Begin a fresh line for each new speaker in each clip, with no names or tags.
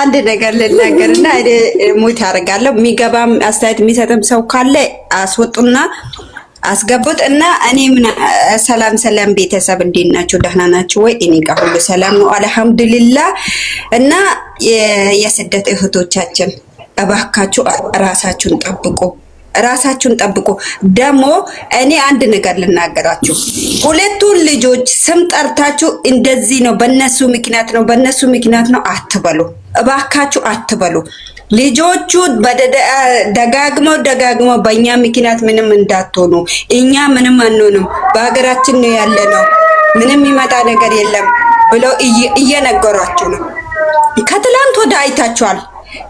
አንድ ነገር ልናገር እና እኔ ሙት አደርጋለሁ። የሚገባም አስተያየት የሚሰጥም ሰው ካለ አስወጡና አስገቡት እና እኔ ምን ሰላም ሰላም፣ ቤተሰብ እንዴት ናችሁ? ደህና ናችሁ ወይ? እኔ ጋር ሁሉ ሰላም ነው አልሐምዱሊላ። እና የስደት እህቶቻችን እባካችሁ ራሳችሁን ጠብቁ። ራሳችሁን ጠብቁ። ደግሞ እኔ አንድ ነገር ልናገራችሁ። ሁለቱን ልጆች ስም ጠርታችሁ እንደዚህ ነው፣ በነሱ ምክንያት ነው፣ በነሱ ምክንያት ነው አትበሉ፣ እባካችሁ አትበሉ። ልጆቹ ደጋግመው ደጋግመው በእኛ ምክንያት ምንም እንዳትሆኑ፣ እኛ ምንም አንሆንም፣ በሀገራችን ነው ያለ ነው፣ ምንም ይመጣ ነገር የለም ብለው እየነገሯችሁ ነው። ከትላንት ወደ አይታችኋል።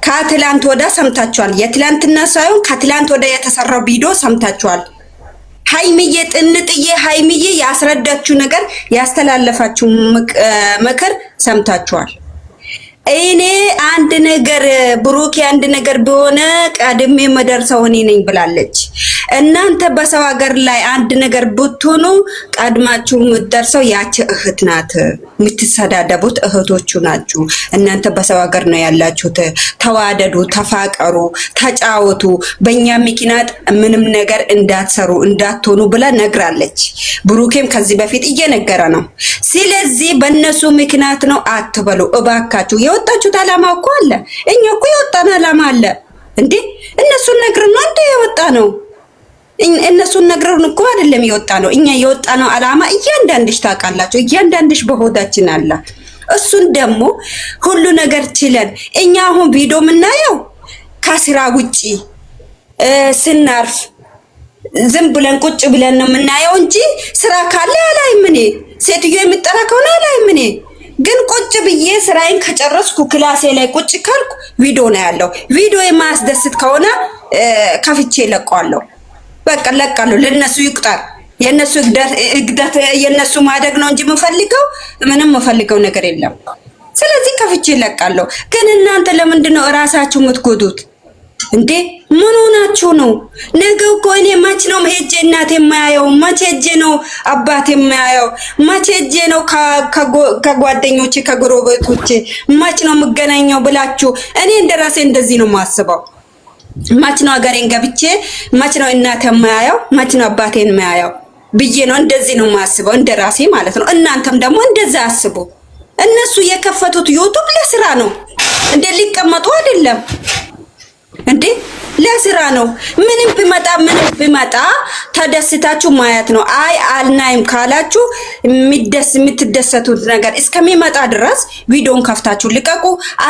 ከትላንት ወዳ ሰምታችኋል። የትላንትና ሳይሆን ከትላንት ወዳ የተሰራው ቪዲዮ ሰምታችኋል። ሀይምዬ ጥንጥዬ ሀይምዬ ያስረዳችሁ ነገር ያስተላለፋችሁ ምክር ሰምታችኋል። እኔ አንድ ነገር ብሩኬ አንድ ነገር ቢሆነ ቀድሜ መደርሰው እኔ ነኝ ብላለች። እናንተ በሰው ሀገር ላይ አንድ ነገር ብትሆኑ ቀድማችሁ የምትደርሰው ያቺ እህት ናት። የምትሰዳደቡት እህቶቹ ናችሁ። እናንተ በሰው ሀገር ነው ያላችሁት። ተዋደዱ፣ ተፋቀሩ፣ ተጫወቱ። በእኛ ምክንያት ምንም ነገር እንዳትሰሩ እንዳትሆኑ ብላ ነግራለች። ብሩኬም ከዚህ በፊት እየነገረ ነው። ስለዚህ በእነሱ ምክንያት ነው አትበሉ እባካችሁ የወጣችሁት ዓላማ እኮ አለ። እኛ እኮ የወጣን ዓላማ አለ እንዴ። እነሱን ነግረን ነው እንደ የወጣ ነው። እነሱን ነግረን እኮ አይደለም የወጣ ነው። እኛ የወጣ ነው ዓላማ እያንዳንድሽ ታውቃላችሁ። እያንዳንድሽ በሆዳችን አለ። እሱን ደግሞ ሁሉ ነገር ችለን እኛ አሁን ቪዲዮ የምናየው ከስራ ውጪ ስናርፍ ዝም ብለን ቁጭ ብለን ነው የምናየው እንጂ ስራ ካለ አላይም እኔ ሴትዮ የምጠራ ከሆነ አላይም እኔ ግን ቁጭ ብዬ ስራዬን ከጨረስኩ ክላሴ ላይ ቁጭ ካልኩ ቪዲዮ ነው ያለው። ቪዲዮ የማያስደስት ከሆነ ከፍቼ ለቀዋለሁ። በቃ ለቃለሁ። ለነሱ ይቁጠር። የነሱ እግደት የነሱ ማደግ ነው እንጂ የምፈልገው ምንም የምፈልገው ነገር የለም። ስለዚህ ከፍቼ ለቃለሁ። ግን እናንተ ለምንድን ነው እራሳችሁ የምትጎዱት? እንዴ ምን ሆናችሁ ነው? ነገ እኮ እኔ መች ነው ሄጄ እናቴ የማያየው? መቼ ሄጄ ነው አባቴ የማያየው? መቼ ሄጄ ነው ከጓደኞቼ ከጎረቤቶቼ መች ነው የምገናኘው ብላችሁ እኔ እንደራሴ እንደዚህ ነው የማስበው። መች ነው ሀገሬን ገብቼ መች ነው እናቴ የማያየው? መች ነው አባቴን የማያየው ብዬ ነው እንደዚህ ነው የማስበው፣ እንደራሴ ማለት ነው። እናንተም ደግሞ እንደዛ አስቡ። እነሱ የከፈቱት ዩቱብ ለስራ ነው እንደ ሊቀመጡ አይደለም። እንዴ ለስራ ነው። ምንም ብመጣ ምንም ብመጣ ተደስታችሁ ማየት ነው። አይ አልናይም ካላችሁ የሚደስ የምትደሰቱት ነገር እስከሚመጣ ድረስ ቪዲዮን ከፍታችሁ ልቀቁ።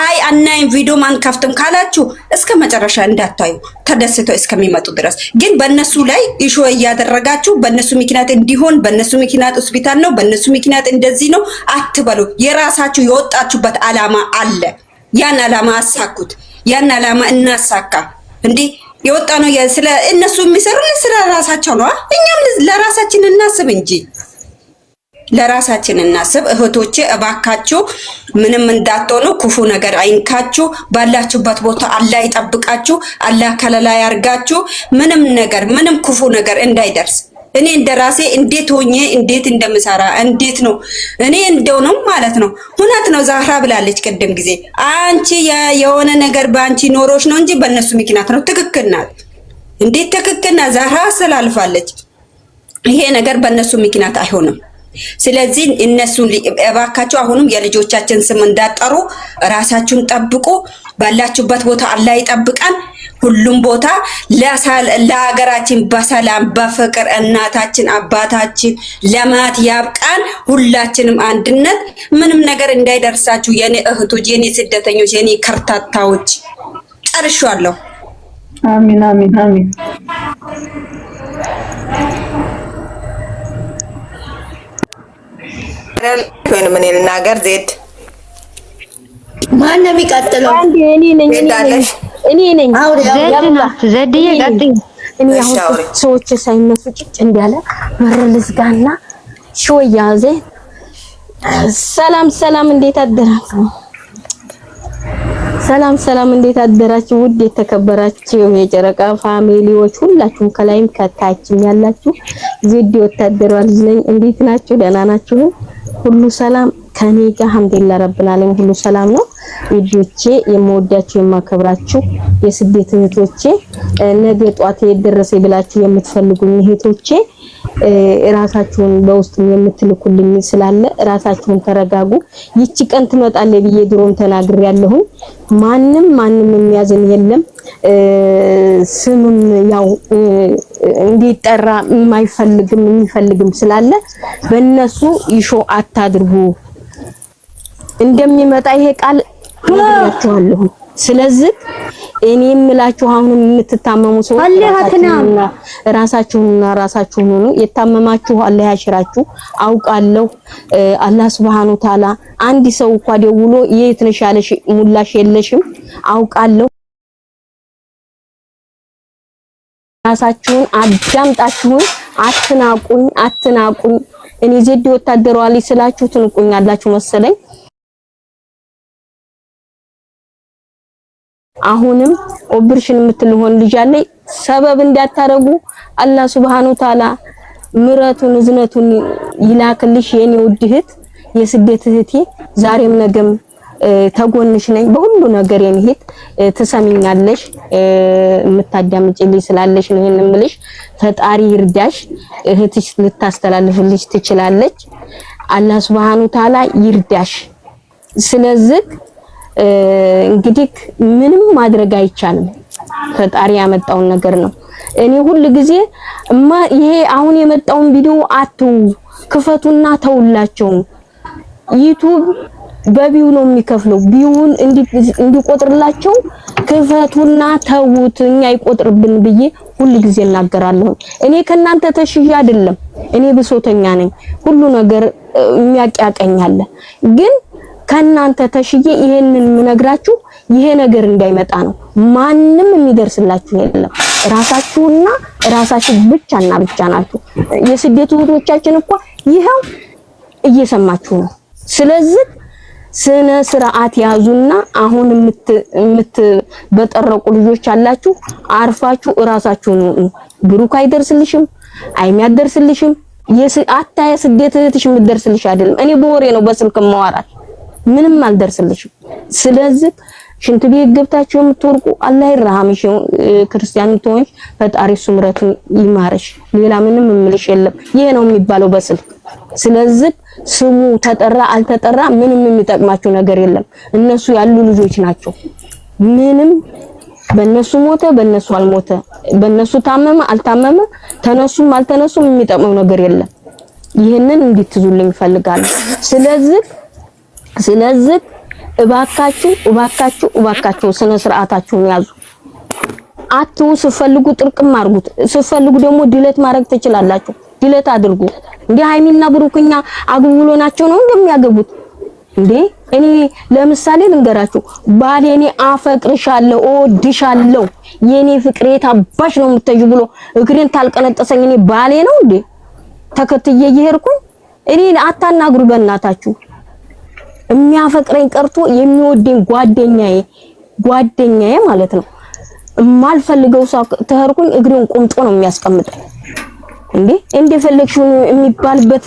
አይ አናይም ቪዲዮ አንከፍትም ካላችሁ እስከ መጨረሻ እንዳታዩ ተደስተው እስከሚመጡ ድረስ። ግን በእነሱ ላይ ኢሾ እያደረጋችሁ በእነሱ ምክንያት እንዲሆን በእነሱ ምክንያት ሆስፒታል ነው፣ በእነሱ ምክንያት እንደዚህ ነው አትበሉ። የራሳችሁ የወጣችሁበት አላማ አለ። ያን አላማ አሳኩት። ያን አላማ እናሳካ። እንዴ የወጣ ነው ስለ እነሱ የሚሰሩ ስለ ራሳቸው ነው። እኛም ለራሳችን እናስብ እንጂ ለራሳችን እናስብ። እህቶቼ እባካችሁ ምንም እንዳትሆኑ፣ ክፉ ነገር አይንካችሁ። ባላችሁበት ቦታ አላህ ይጠብቃችሁ፣ አላህ ከለላ ያርጋችሁ። ምንም ነገር ምንም ክፉ ነገር እንዳይደርስ እኔ እንደ ራሴ እንዴት ሆኜ እንዴት እንደምሰራ እንዴት ነው እኔ ነው ማለት ነው። ሁነት ነው ዛህራ ብላለች ቅድም ጊዜ አንቺ የሆነ ነገር በአንቺ ኖሮች ነው እንጂ በእነሱ ምክንያት ነው። ትክክል ናት። እንዴት ትክክል ናት? ዛህራ አስተላልፋለች። ይሄ ነገር በእነሱ ምክንያት አይሆንም። ስለዚህ እነሱን እባካችሁ አሁንም የልጆቻችን ስም እንዳጠሩ ራሳችሁን ጠብቁ። ባላችሁበት ቦታ አላህ ይጠብቃል። ሁሉም ቦታ ለሀገራችን በሰላም በፍቅር እናታችን አባታችን ለማት ያብቃን። ሁላችንም አንድነት ምንም ነገር እንዳይደርሳችሁ የኔ እህቶች፣ የኔ ስደተኞች፣ የኔ ከርታታዎች ጨርሻለሁ።
አሚን አሚን አሚን።
ምን ልናገር ዜድ ማን ነው የሚቀጥለው? እኔ ነኝ ዘድዬ ቀጥይ። እኔ አሁን ሰዎች ሳይነሱ ጭጭ እንዲያለ በር ልዝጋና ሽወያ ዘ ሰላም ሰላም፣ እንዴት አደራችሁ? ሰላም ሰላም፣ እንዴት አደራችሁ? ውድ የተከበራችሁ የጨረቃ ፋሚሊዎች ሁላችሁም ከላይም ከታችም ያላችሁ ዜድ ወታደሯ ነኝ። እንዴት ናችሁ? ደህና ናችሁ? ሁሉ ሰላም ከኔ ጋር አልሐምዱሊላህ ረብል ሁሉ ሰላም ነው። ልጆቼ የምወዳችሁ የማከብራችሁ የስደት እህቶቼ ነገ ጧት የደረሰ ብላችሁ የምትፈልጉኝ እህቶቼ ራሳችሁን በውስጥ የምትልኩልኝ ስላለ ራሳችሁን ተረጋጉ። ይቺ ቀን ትመጣለ ብዬ ድሮም ተናግር ያለሁኝ ማንም ማንም የሚያዝን የለም። ስምም ያው እንዲጠራ የማይፈልግም የሚፈልግም ስላለ በእነሱ ይሾ አታድርጉ። እንደሚመጣ ይሄ ቃል ነግራቸዋለሁ። ስለዚህ እኔ የምላችሁ አሁን የምትታመሙ ሰዎች ራሳችሁና ራሳችሁ ሆኑ የታመማችሁ አላህ ያሽራችሁ። አውቃለሁ አላህ ሱብሃነሁ ወተዓላ አንድ ሰው እንኳ ደውሎ የት ነሽ ያለሽ ሙላሽ የለሽም አውቃለሁ። ራሳችሁን አዳምጣችሁን አትናቁኝ፣ አትናቁኝ። እኔ ዜድ ወታደሯ ላይ ስላችሁ ትንቁኛላችሁ መሰለኝ። አሁንም ኦብርሽን የምትልሆን ልጅ አለ ሰበብ እንዳታረጉ አላህ ሱብሃነሁ ተዓላ ምረቱን እዝነቱን ይላክልሽ የኔ ውድ እህት፣ የስደት እህቴ። ዛሬም ነገም ተጎንሽ ነኝ በሁሉ ነገር የኔ እህት። ትሰሚኛለሽ፣ የምታዳምጪልኝ ስላለሽ ነው ይሄን የምልሽ። ፈጣሪ ይርዳሽ። እህትሽ ልታስተላልፍልሽ ትችላለች። አላህ ሱብሃነሁ ተዓላ ይርዳሽ። ስለዚህ እንግዲህ ምንም ማድረግ አይቻልም። ፈጣሪ ያመጣውን ነገር ነው። እኔ ሁል ጊዜ እማ ይሄ አሁን የመጣውን ቪዲዮ አትው ክፈቱና ተውላቸው። ዩቲዩብ በቢዩ ነው የሚከፍለው። ቢዩን እንዲቆጥርላቸው ክፈቱና ተውት፣ እኛ ይቆጥርብን ብዬ ሁል ጊዜ እናገራለሁ። እኔ ከናንተ ተሽዬ አይደለም። እኔ ብሶተኛ ነኝ። ሁሉ ነገር የሚያቅያቀኛለ ግን ከእናንተ ተሽዬ ይሄንን የምነግራችሁ ይሄ ነገር እንዳይመጣ ነው። ማንም የሚደርስላችሁ የለም። ራሳችሁና ራሳችሁ ብቻና ብቻ ናችሁ። የስደት እህቶቻችን እኮ ይኸው እየሰማችሁ ነው። ስለዚህ ስነ ስርዓት ያዙና አሁን የምትበጠረቁ ልጆች አላችሁ፣ አርፋችሁ እራሳችሁን ብሩክ አይደርስልሽም፣ አይሚ አደርስልሽም። አታየ ስደት እህትሽ የምትደርስልሽ አይደለም። እኔ በወሬ ነው በስልክ ማዋራት ምንም አልደርስልሽም። ስለዚህ ሽንት ቤት ገብታችሁ የምትወርቁ አላህ ይርሐምሽ፣ ክርስቲያን ትሆንሽ፣ ፈጣሪ እሱ ይማርሽ። ሌላ ምንም እምልሽ የለም። ይሄ ነው የሚባለው በስልክ ስለዚህ ስሙ ተጠራ አልተጠራ ምንም የሚጠቅማችሁ ነገር የለም። እነሱ ያሉ ልጆች ናቸው። ምንም በነሱ ሞተ በነሱ አልሞተ በነሱ ታመመ አልታመመ ተነሱም አልተነሱም የሚጠቅመው ነገር የለም። ይህንን እንድትዙልኝ ይፈልጋለሁ ስለዚህ ስለዚህ እባካችሁ እባካችሁ እባካችሁ ስነ ስርዓታችሁን ያዙ። አትው ስፈልጉ ጥርቅም አድርጉት፣ ስፈልጉ ደግሞ ድለት ማድረግ ትችላላችሁ። ድለት አድርጉ። እንዴ ሃይሚና ብሩክኛ አግብሎ ናቸው ነው እንደሚያገቡት። እንዴ እኔ ለምሳሌ ልንገራችሁ፣ ባል የኔ አፈቅርሻለሁ፣ እወድሻለሁ፣ የኔ ፍቅሬ ታባሽ ነው የምትጅ ብሎ እግሬን ታልቀነጠሰኝ እኔ ባሌ ነው እንዴ ተከትዬ እየሄድኩኝ እኔ አታናግሩ በእናታችሁ። የሚያፈቅረኝ ቀርቶ የሚወደኝ ጓደኛዬ ጓደኛዬ ማለት ነው። የማልፈልገው ሰው ተርኩኝ እግሬን ቆምጦ ነው የሚያስቀምጠኝ። እንዴ እንደፈለግሽው የሚባልበት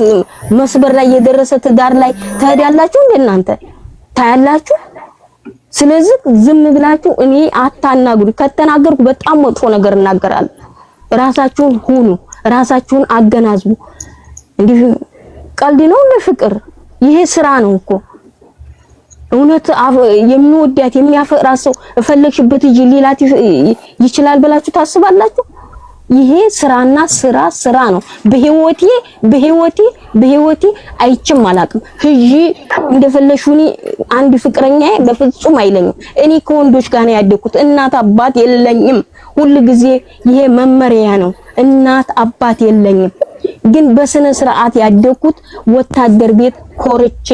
መስበር ላይ የደረሰ ትዳር ላይ ትሄዳላችሁ እንደናንተ እናንተ ታያላችሁ። ስለዚህ ዝም ብላችሁ እኔ አታናግሩ። ከተናገርኩ በጣም መጥፎ ነገር እናገራለሁ። ራሳችሁን ሁኑ፣ ራሳችሁን አገናዝቡ። እንዲህ ቀልድ ነው ለፍቅር ይሄ ስራ ነው እኮ እውነት የሚወዳት የሚያፈቅራት ሰው እፈለግሽበት እጅ ሌላት ይችላል ብላችሁ ታስባላችሁ? ይሄ ስራና ስራ ስራ ነው። በህይወቴ በህይወቴ በህይወቴ አይችም አላውቅም። ህጂ እንደፈለሹኒ አንድ ፍቅረኛ በፍጹም አይለኝም። እኔ ከወንዶች ጋር ነው ያደኩት። እናት አባት የለኝም። ሁል ጊዜ ይሄ መመሪያ ነው። እናት አባት የለኝም። ግን በስነ ስርዓት ያደኩት ወታደር ቤት ኮርቼ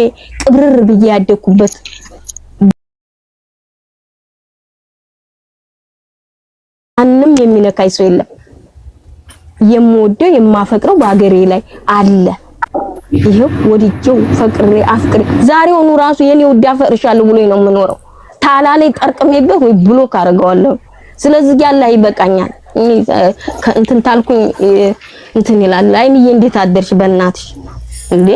ቅብርር ብዬ ያደኩበት ማንም የሚነካኝ ሰው የለም። የምወደው የማፈቅረው በአገሬ ላይ አለ። ይሄው ወድጄው ፈቅሬ አፍቅሬ ዛሬውኑ ራሱ የኔ ውድ አፈቅርሻለሁ ብሎኝ ነው የምኖረው። ታላ ላይ ጠርቅሜበት ወይ ብሎክ አደርገዋለሁ። ስለዚህ ያለ ይበቃኛል። አቁሚ እንትን ታልኩኝ እንትን ይላል። አይንዬ እንዴት አደርሽ በእናትሽ እንዴ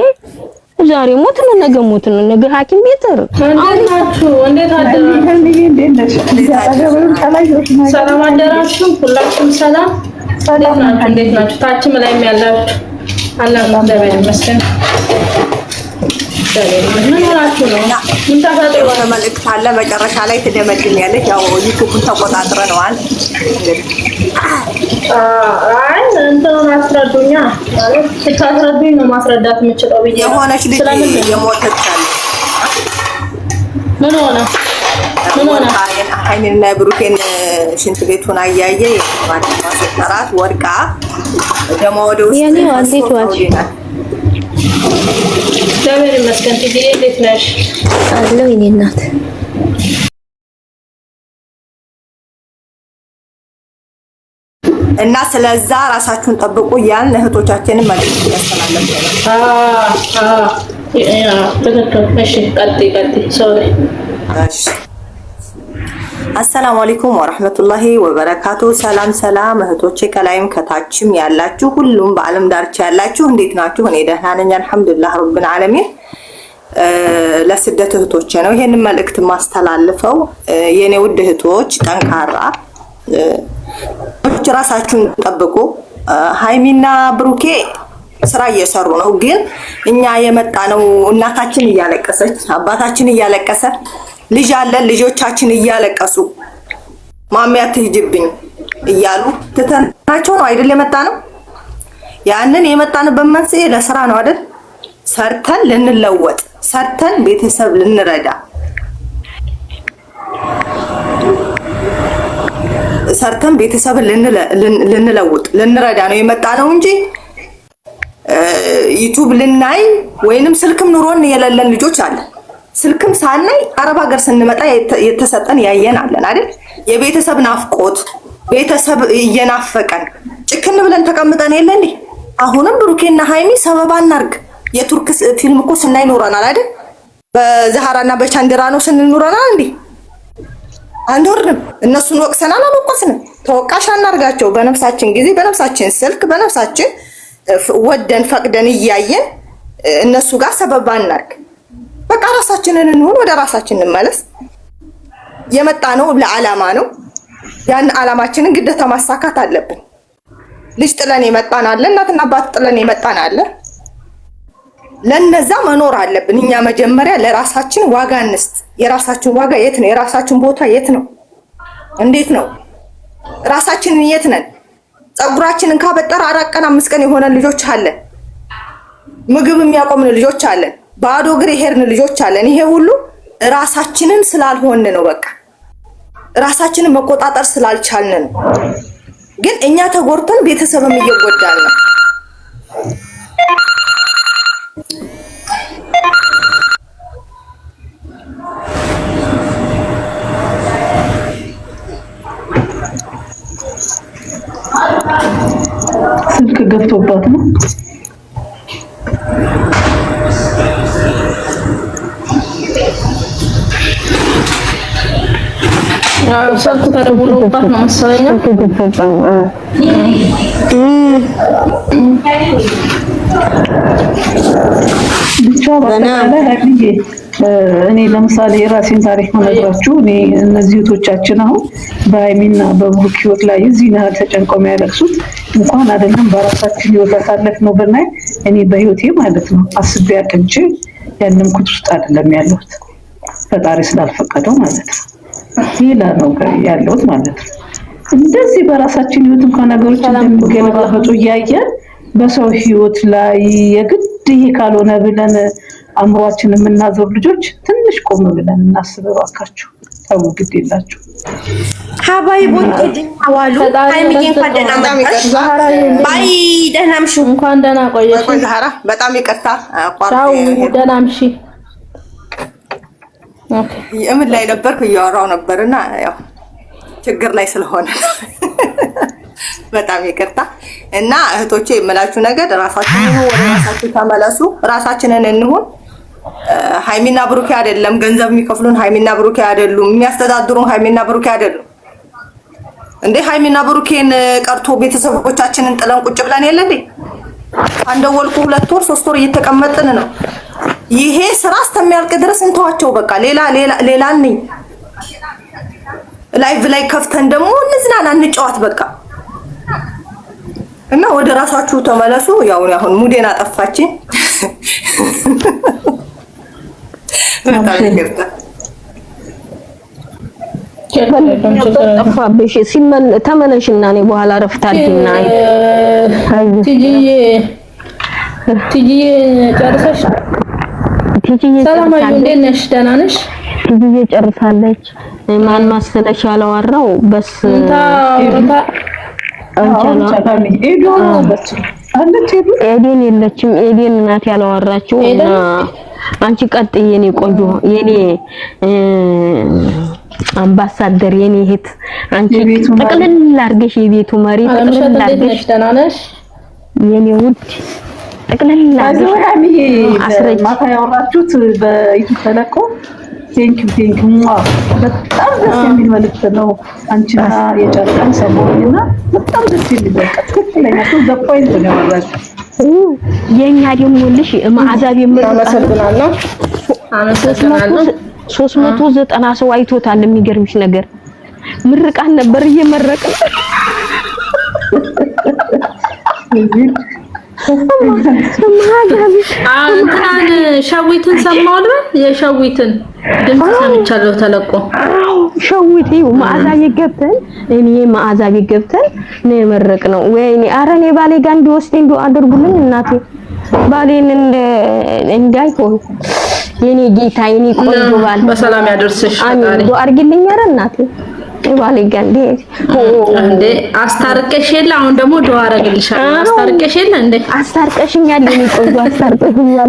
ዛሬ ሞት ነው፣ ነገ ሞት ነው፣ ነገ ሐኪም ቤት እንዴት
ሰላም አደራችሁ? እንዴት ታችም ያላችሁ አላህ የሆነ
መልዕክት አለ። መጨረሻ ላይ ትደመድም ያው ዩቱብን ተቆጣጥረነዋል።
አይ እንትን አስረዱኛ ስታስረዱኝ ነው ማስረዳት የምችለው ብዬ
የሆነች ልጅ የሞተች
ምን ሆነ ምን ሆነ?
ብሩኬን ሽንት ቤቱን አያየ ማሰጠራት ወድቃ ደማ ወደ
ውስጥ እግዚአብሔር ይመስገን። ትይዬ እንዴት ነሽ?
አለሁ የእኔ እናት። እና ስለዛ ራሳችሁን ጠብቁ እያልን እህቶቻችንን መልዕክት እያስተላለፉ
ትክክል። እሺ፣ ቀጥይ ቀጥይ። ሶሪ
አሰላሙ አለይኩም ወራህመቱላሂ ወበረካቱ። ሰላም ሰላም እህቶቼ ከላይም ከታችም ያላችሁ ሁሉም በአለም ዳርቻ ያላችሁ እንዴት ናችሁ? እኔ ደህና ነኝ አልሐምዱሊላህ ረብን ዓለሚን። ለስደት እህቶቼ ነው ይሄን መልእክት ማስተላልፈው። የኔ ውድ እህቶች ጠንካራ ራሳችሁን ጠብቁ። ሀይሚና ብሩኬ ስራ እየሰሩ ነው፣ ግን እኛ የመጣ ነው እናታችን እያለቀሰች አባታችን እያለቀሰ ልጅ አለን ልጆቻችን እያለቀሱ ማሚያ ትሂጅብኝ እያሉ ትተናቸው ነው አይደል የመጣ ነው። ያንን የመጣንበት መንስኤ ለስራ ነው አይደል? ሰርተን ልንለወጥ ሰርተን ቤተሰብ ልንረዳ ሰርተን ቤተሰብ ልንለውጥ ልንረዳ ነው የመጣ ነው እንጂ ዩቱብ ልናይ ወይንም ስልክም ኑሮን የሌለን ልጆች አለን። ስልክም ሳናይ አረብ ሀገር ስንመጣ የተሰጠን ያየን አለን አይደል? የቤተሰብ ናፍቆት ቤተሰብ እየናፈቀን ጭክን ብለን ተቀምጠን የለ እንዴ? አሁንም ብሩኬና ሀይሚ ሰበብ አናርግ። የቱርክ ፊልም እኮ ስናይ ኖረናል አይደል? በዛሃራና በቻንዲራ ነው ስንኖረናል እንዴ? አንወርድም። እነሱን ወቅሰናል፣ አልወቀስንም። ተወቃሽ አናርጋቸው። በነፍሳችን ጊዜ፣ በነፍሳችን ስልክ፣ በነፍሳችን ወደን ፈቅደን እያየን እነሱ ጋር ሰበብ አናርግ። በቃ ራሳችንን እንሆን፣ ወደ ራሳችን እንመለስ። የመጣ ነው ለዓላማ ነው። ያን ዓላማችንን ግዴታ ማሳካት አለብን። ልጅ ጥለን የመጣን አለ፣ እናትና አባት ጥለን የመጣን አለ። ለነዛ መኖር አለብን። እኛ መጀመሪያ ለራሳችን ዋጋ እንስጥ። የራሳችን ዋጋ የት ነው? የራሳችን ቦታ የት ነው? እንዴት ነው? ራሳችንን የት ነን? ፀጉራችንን ካበጠር አራት ቀን አምስት ቀን የሆነን ልጆች አለን። ምግብ የሚያቆምን ልጆች አለን። ባዶ እግር የሄድን ልጆች አለን። ይሄ ሁሉ ራሳችንን ስላልሆን ነው። በቃ ራሳችንን መቆጣጠር ስላልቻልን ነው። ግን እኛ ተጎድተን ቤተሰብም እየጎዳን ነው።
ስልክ ገብቶባት ነው። ስልኩ ተደውሎባት ነው መሰለኝ። እኔ ለምሳሌ የራሴን ታሪክ መነግራችሁ እኔ እነዚህ እህቶቻችን አሁን በሀይሚና በብሩክ ህይወት ላይ እዚህ ናህል ተጨንቀው የሚያለቅሱት እንኳን አይደለም በራሳችን ህይወት ነው ብናይ እኔ በህይወቴ ማለት ነው አስቤ አቅጄ ያለምኩት ውስጥ አይደለም ያለሁት ፈጣሪ ስላልፈቀደው ማለት ነው። ሌላ ነው ያለሁት ማለት ነው። እንደዚህ በራሳችን ህይወት እንኳን ነገሮች እንደሚገለባበጡ እያየን በሰው ህይወት ላይ የግድ ይሄ ካልሆነ ብለን አእምሯችን የምናዞር ልጆች ትንሽ ቆም ብለን እናስብ እባካችሁ። ተው ግድ የላችሁ
ሀባይ ቦቴድ አዋሉ ታይምዬ እንኳን ደህና መጣሽ። ባይ ደህና ምሽ።
እንኳን ደህና ቆየሽ። በጣም ይቅርታ። ደህና ምሽ።
የምን ላይ ነበርኩ? እያወራው ነበርና ያው ችግር ላይ ስለሆነ በጣም ይቅርታ እና እህቶቼ የምላችሁ ነገር ራሳችን ወደ ራሳችሁ ተመለሱ። ራሳችንን እንሁን። ሀይሚና ብሩኬ አይደለም ገንዘብ የሚከፍሉን ሀይሚና ብሩኬ አይደሉም የሚያስተዳድሩን ሀይሚና ብሩኬ አይደሉም። እንዴ ሀይሚና ብሩኬን ቀርቶ ቤተሰቦቻችንን ጥለን ቁጭ ብለን የለ እንዴ? አንደወልኩ ሁለት ወር ሶስት ወር እየተቀመጥን ነው ይሄ ስራ እስከሚያልቅ ድረስ እንተዋቸው። በቃ ሌላ ሌላ ሌላ ነኝ ላይቭ ላይ ከፍተን ደግሞ እንዝናና፣ እንጫወት በቃ እና ወደ ራሳችሁ ተመለሱ። ያው አሁን ሙዴን አጠፋችኝ። ተመለሽና፣ እኔ በኋላ ረፍታልና
ትጅዬ ጨርሰሽ ቲቲዬ ደህና ነሽ?
ጨርሳለች። ማን ማስለሽ ያላወራው በስ
ኤዴን የለችም። ኤዴን ናት እና አንቺ ቀጥ የኔ ቆንጆ የኔ አምባሳደር የኔ እህት አንቺ ጥቅልል አድርገሽ የቤቱ መሪ
ጥቅልል አድርገሽ
የኔ ውድ ጠቅለላ
ማታ ያወራችሁት በዩቱብ ተለቆ ቴንክ ቴንክ በጣም ደስ የሚል መልዕክት ነው። አንቺና የጨርቀን ሰሞኑና በጣም ደስ የሚል በቃ ትክክለኛ ሰው በፖይንት ነው ያወራችሁት።
የእኛ ደግሞ ልሽ ማዕዛብ ሶስት መቶ ዘጠና ሰው አይቶታል። የሚገርምሽ ነገር ምርቃን ነበር እየመረቅን እንትናን ሸዊትን ሰማሁ የሸዊትን ድምፅ ሰምቻለሁ ተለቆ ሸዊት ይኸው መዓዛ ቤት ገብተን እኔ መዓዛ ቤት ገብተን ነው የመረቅነው። ወይኔ ኧረ እኔ ባሌ ጋር እንዲወስድ እንዲሁ አድርጉልን እናቴ ባሌን እንዳይሆን የኔ ጌታ የኔ ቆንጆ ባል
በሰላም ያደርስሽ
አሜን። ዱአ አድርጊልኝ ኧረ እናቴ ቀጣይ ባሌ ጋር
እንዴ አስታርቀሽ የለ አሁን ደግሞ ደዋ አደርግልሻለሁ። አስታርቀሽ የለ እንዴ
አስታርቀሽኛል። እኔ ቆንጆ አስታርቀሽኛል።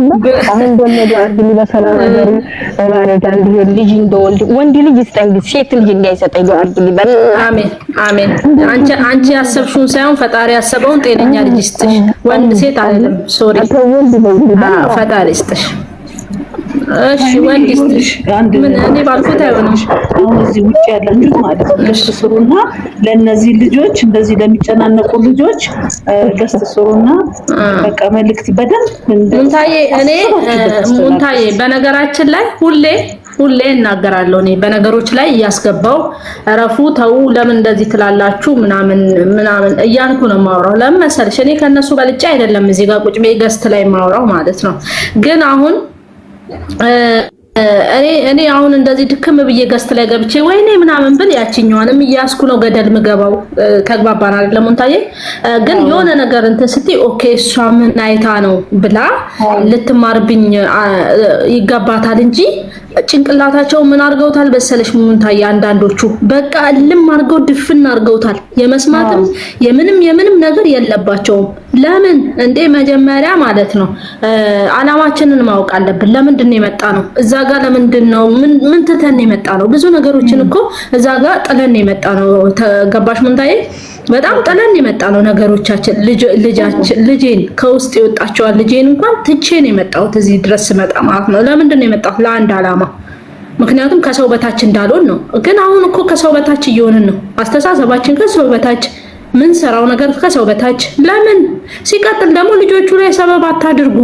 አሁን ደግሞ ዱአ አድርጊ፣ በሰላም ነገር ባለጋ እንዲሄድ ልጅ እንደወልድ ወንድ ልጅ ይስጠኝ፣ ሴት ልጅ እንዳይሰጠኝ ዱአ አድርጊ።
አሜን አሜን። አንቺ አንቺ ያሰብሽውን ሳይሆን ፈጣሪ ያሰበውን ጤነኛ ልጅ ይስጥሽ። ወንድ ሴት አይደለም። ሶሪ
ፈጣሪ ይስጥሽ።
እሺ ወንድ ስትሽ ምን እኔ ባልኩት አይሆንም።
አሁን እዚህ ውጭ ያላችሁት ማለት ነው ገስት ስሩና ለነዚህ ልጆች እንደዚህ ለሚጨናነቁ ልጆች ገስት ስሩና በቃ መልእክት በደንብ
ሙንታዬ እኔ ሙንታዬ በነገራችን ላይ ሁሌ ሁሌ እናገራለሁ። እኔ በነገሮች ላይ እያስገባው እረፉ፣ ተው፣ ለምን እንደዚህ ትላላችሁ ምናምን ምናምን እያልኩ ነው የማወራው። ለምን መሰለሽ እኔ ከነሱ በልጬ አይደለም እዚህ ጋር ቁጭ ብዬ ገስት ላይ የማወራው ማለት ነው ግን አሁን እኔ እኔ አሁን እንደዚህ ድክም ብዬ ገስት ላይ ገብቼ ወይኔ ምናምን ብል ያችኛዋንም እያስኩ ነው ገደል ምገባው። ተግባባን አይደለም? እንታየ ግን የሆነ ነገር እንትን ስትይ ኦኬ እሷ ምን አይታ ነው ብላ ልትማርብኝ ይገባታል እንጂ ጭንቅላታቸው ምን አድርገውታል በሰለሽ ሙንታዬ፣ አንዳንዶቹ በቃ እልም አድርገው ድፍን አድርገውታል። የመስማትም የምንም የምንም ነገር የለባቸውም። ለምን እንዴ? መጀመሪያ ማለት ነው አላማችንን ማወቅ አለብን። ለምንድን ነው የመጣ ነው? እዛ ጋር ለምንድን ነው ምን ትተን የመጣ ነው? ብዙ ነገሮችን እኮ እዛ ጋር ጥለን የመጣ ነው። ተገባሽ ሙንታዬ በጣም ጥለን የመጣ ነው ነገሮቻችን። ልጄን ከውስጥ ይወጣቸዋል ልጄን እንኳን ትቼን የመጣሁት እዚህ ድረስ ስመጣ ማለት ነው። ለምንድን ነው የመጣሁት? ለአንድ አላማ። ምክንያቱም ከሰው በታች እንዳልሆን ነው። ግን አሁን እኮ ከሰው በታች እየሆንን ነው። አስተሳሰባችን ከሰው በታች ምን ሰራው ነገር ከሰው በታች ለምን? ሲቀጥል ደግሞ ልጆቹ ላይ ሰበብ አታድርጉ።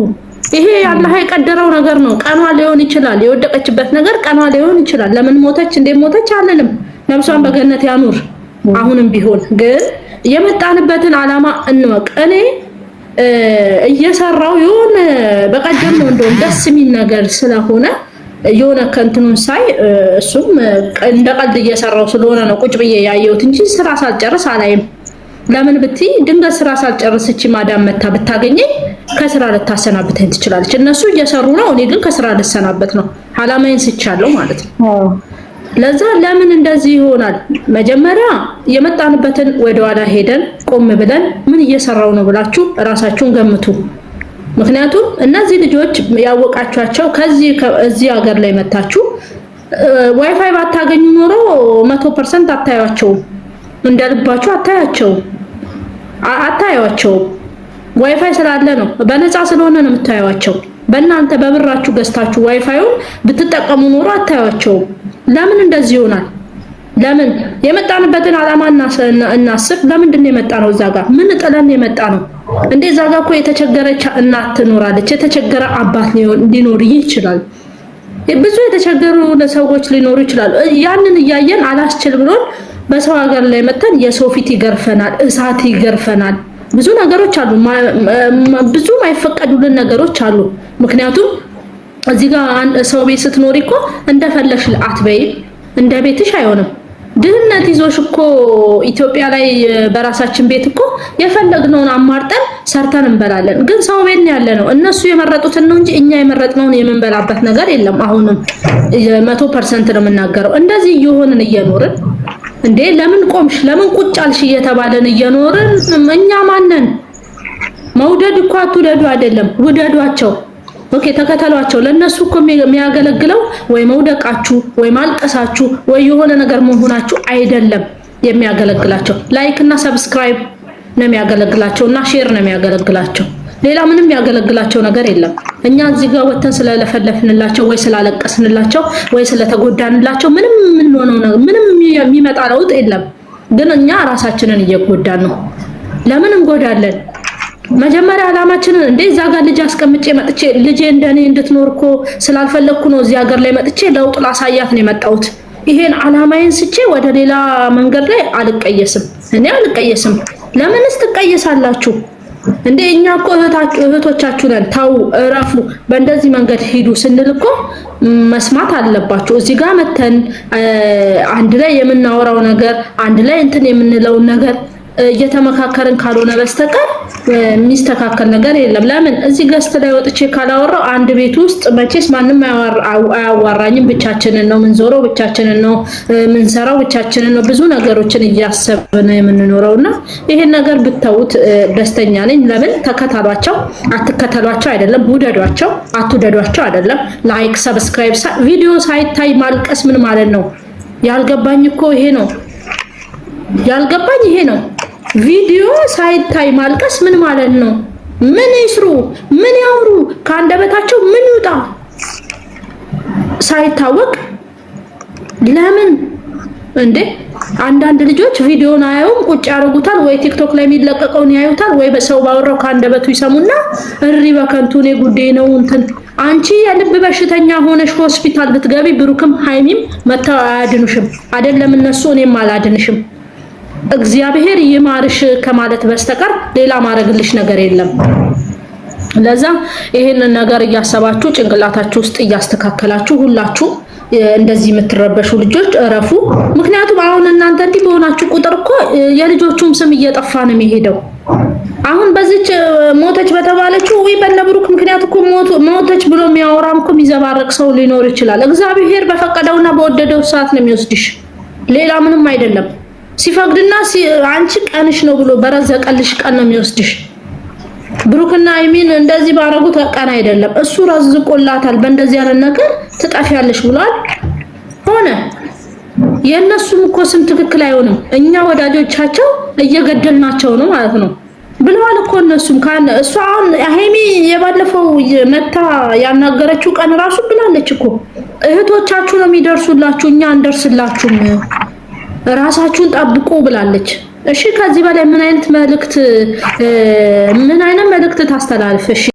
ይሄ አላህ የቀደረው ነገር ነው። ቀኗ ሊሆን ይችላል፣ የወደቀችበት ነገር ቀኗ ሊሆን ይችላል። ለምን ሞተች እንዴት ሞተች አልልም። ነብሷን በገነት ያኑር። አሁንም ቢሆን ግን የመጣንበትን አላማ እንወቅ። እኔ እየሰራው የሆነ በቀደም ነው እንደውም ደስ የሚል ነገር ስለሆነ የሆነ ከንትኑን ሳይ እሱም እንደ ቀልድ እየሰራው ስለሆነ ነው ቁጭ ብዬ ያየሁት እንጂ ስራ ሳልጨርስ አላይም። ለምን ብትይ ድንገት ስራ ሳልጨርስ እቺ ማዳም መታ ብታገኘኝ ከስራ ልታሰናብተኝ ትችላለች። እነሱ እየሰሩ ነው፣ እኔ ግን ከስራ ልሰናበት ነው። ዓላማዬን ስቻለሁ ማለት ነው። ለዛ ለምን እንደዚህ ይሆናል? መጀመሪያ የመጣንበትን ወደኋላ ሄደን ቆም ብለን ምን እየሰራው ነው ብላችሁ እራሳችሁን ገምቱ። ምክንያቱም እነዚህ ልጆች ያወቃችኋቸው ከዚህ እዚህ ሀገር ላይ መታችሁ ዋይፋይ ባታገኙ ኖሮ መቶ ፐርሰንት አታያቸውም፣ እንደልባችሁ አታያቸውም አታያቸውም። ዋይፋይ ስላለ ነው፣ በነፃ ስለሆነ ነው የምታያቸው። በእናንተ በብራችሁ ገዝታችሁ ዋይፋዩን ብትጠቀሙ ኖሮ አታያቸውም። ለምን እንደዚህ ይሆናል? ለምን የመጣንበትን ዓላማ እናስብ። ለምንድን ነው የመጣ ነው? እዛ ጋር ምን ጥለን የመጣ ነው እንዴ? እዛ ጋር እኮ የተቸገረች እናት ትኖራለች። የተቸገረ አባት ሊኖር ይችላል። ብዙ የተቸገሩ ሰዎች ሊኖሩ ይችላሉ። ያንን እያየን አላስችል ብሎን በሰው ሀገር ላይ መተን የሰው ፊት ይገርፈናል፣ እሳት ይገርፈናል። ብዙ ነገሮች አሉ። ብዙ ማይፈቀዱልን ነገሮች አሉ። ምክንያቱም እዚህ ጋር ሰው ቤት ስትኖሪ እኮ እንደፈለሽ አትበይም፣ እንደ ቤትሽ አይሆንም። ድህነት ይዞሽ እኮ ኢትዮጵያ ላይ በራሳችን ቤት እኮ የፈለግነውን አማርጠን ሰርተን እንበላለን። ግን ሰው ቤት ነው ያለ ነው እነሱ የመረጡትን ነው እንጂ እኛ የመረጥነውን የምንበላበት ነገር የለም። አሁንም መቶ ፐርሰንት ነው የምናገረው። እንደዚህ እየሆንን እየኖርን እንዴ ለምን ቆምሽ ለምን ቁጭ አልሽ እየተባለን እየኖርን እኛ ማነን? መውደድ እኮ አትውደዱ አይደለም ውደዷቸው። ኦኬ ተከተሏቸው። ለነሱ እኮ የሚያገለግለው ወይ መውደቃችሁ ወይ ማልቀሳችሁ ወይ የሆነ ነገር መሆናችሁ አይደለም የሚያገለግላቸው። ላይክ እና ሰብስክራይብ ነው የሚያገለግላቸው እና ሼር ነው የሚያገለግላቸው። ሌላ ምንም የሚያገለግላቸው ነገር የለም። እኛ እዚህ ጋር ወተን ስለለፈለፍንላቸው ወይ ስላለቀስንላቸው ወይ ስለተጎዳንላቸው ምንም የምንሆነው ነገር ምንም የሚመጣ ለውጥ የለም። ግን እኛ ራሳችንን እየጎዳን ነው። ለምን እንጎዳለን? መጀመሪያ አላማችንን እንዴ እዛ ጋር ልጅ አስቀምጬ መጥቼ ልጄ እንደኔ እንድትኖር እኮ ስላልፈለግኩ ነው እዚህ ሀገር ላይ መጥቼ ለውጥ ላሳያት ነው የመጣሁት። ይሄን አላማዬን ስቼ ወደ ሌላ መንገድ ላይ አልቀየስም። እኔ አልቀየስም። ለምንስ ትቀየሳላችሁ? እንደ እኛ እኮ እህቶቻችሁ ነን። ታው እረፉ፣ በእንደዚህ መንገድ ሂዱ ስንል እኮ መስማት አለባችሁ። እዚህ ጋር መተን አንድ ላይ የምናወራው ነገር አንድ ላይ እንትን የምንለውን ነገር እየተመካከርን ካልሆነ በስተቀር የሚስተካከል ነገር የለም። ለምን እዚህ ገስት ላይ ወጥቼ ካላወራው አንድ ቤት ውስጥ መቼስ ማንም አያዋራኝም። ብቻችንን ነው ምንዞረው፣ ብቻችንን ነው ምንሰራው፣ ብቻችንን ነው ብዙ ነገሮችን እያሰብን የምንኖረው እና ይሄን ነገር ብተውት ደስተኛ ነኝ። ለምን ተከተሏቸው፣ አትከተሏቸው አይደለም፣ ውደዷቸው፣ አትውደዷቸው አይደለም። ላይክ፣ ሰብስክራይብ፣ ቪዲዮ ሳይታይ ማልቀስ ምን ማለት ነው? ያልገባኝ እኮ ይሄ ነው። ያልገባኝ ይሄ ነው። ቪዲዮ ሳይታይ ማልቀስ ምን ማለት ነው? ምን ይስሩ? ምን ያውሩ? ከአንደበታቸው ምን ይውጣ? ሳይታወቅ ለምን እንዴ? አንዳንድ ልጆች ቪዲዮን አያዩም፣ ቁጭ ያደርጉታል። ወይ ቲክቶክ ላይ የሚለቀቀውን ያዩታል፣ ወይ በሰው ባወራው ከአንደበቱ ይሰሙና እሪ በከንቱ እኔ ጉዴ ነው እንትን። አንቺ የልብ በሽተኛ ሆነሽ ሆስፒታል ብትገቢ ብሩክም ሀይሚም መተው አያድኑሽም። አይደለም እነሱ እኔም አላድንሽም። እግዚአብሔር ይማርሽ ከማለት በስተቀር ሌላ ማድረግልሽ ነገር የለም። ለዛ ይህንን ነገር እያሰባችሁ ጭንቅላታችሁ ውስጥ እያስተካከላችሁ ሁላችሁ እንደዚህ የምትረበሹ ልጆች እረፉ። ምክንያቱም አሁን እናንተ እንዲህ በሆናችሁ ቁጥር እኮ የልጆቹም ስም እየጠፋ ነው የሚሄደው። አሁን በዚች ሞተች በተባለችው ወይ በነብሩክ ምክንያት እኮ ሞተች ብሎ የሚያወራም እኮ የሚዘባረቅ ሰው ሊኖር ይችላል። እግዚአብሔር በፈቀደውና በወደደው ሰዓት ነው የሚወስድሽ። ሌላ ምንም አይደለም። ሲፈቅድና አንቺ ቀንሽ ነው ብሎ በረዘቀልሽ ቀን ነው የሚወስድሽ። ብሩክና አይሚን እንደዚህ ባረጉት ቀን አይደለም እሱ ረዝቆላታል። በእንደዚህ ያለ ነገር ትጠፊያለሽ ብሏል። ሆነ የእነሱም እኮ ስም ትክክል አይሆንም። እኛ ወዳጆቻቸው እየገደልናቸው ነው ማለት ነው ብለዋል እኮ እነሱም ካለ እሷ አሁን ሀይሚ የባለፈው መታ ያናገረችው ቀን ራሱ ብላለች እኮ እህቶቻችሁ ነው የሚደርሱላችሁ፣ እኛ አንደርስላችሁም ራሳችሁን ጠብቁ ብላለች። እሺ ከዚህ በላይ ምን አይነት መልእክት ምን አይነት መልእክት ታስተላልፍ? እሺ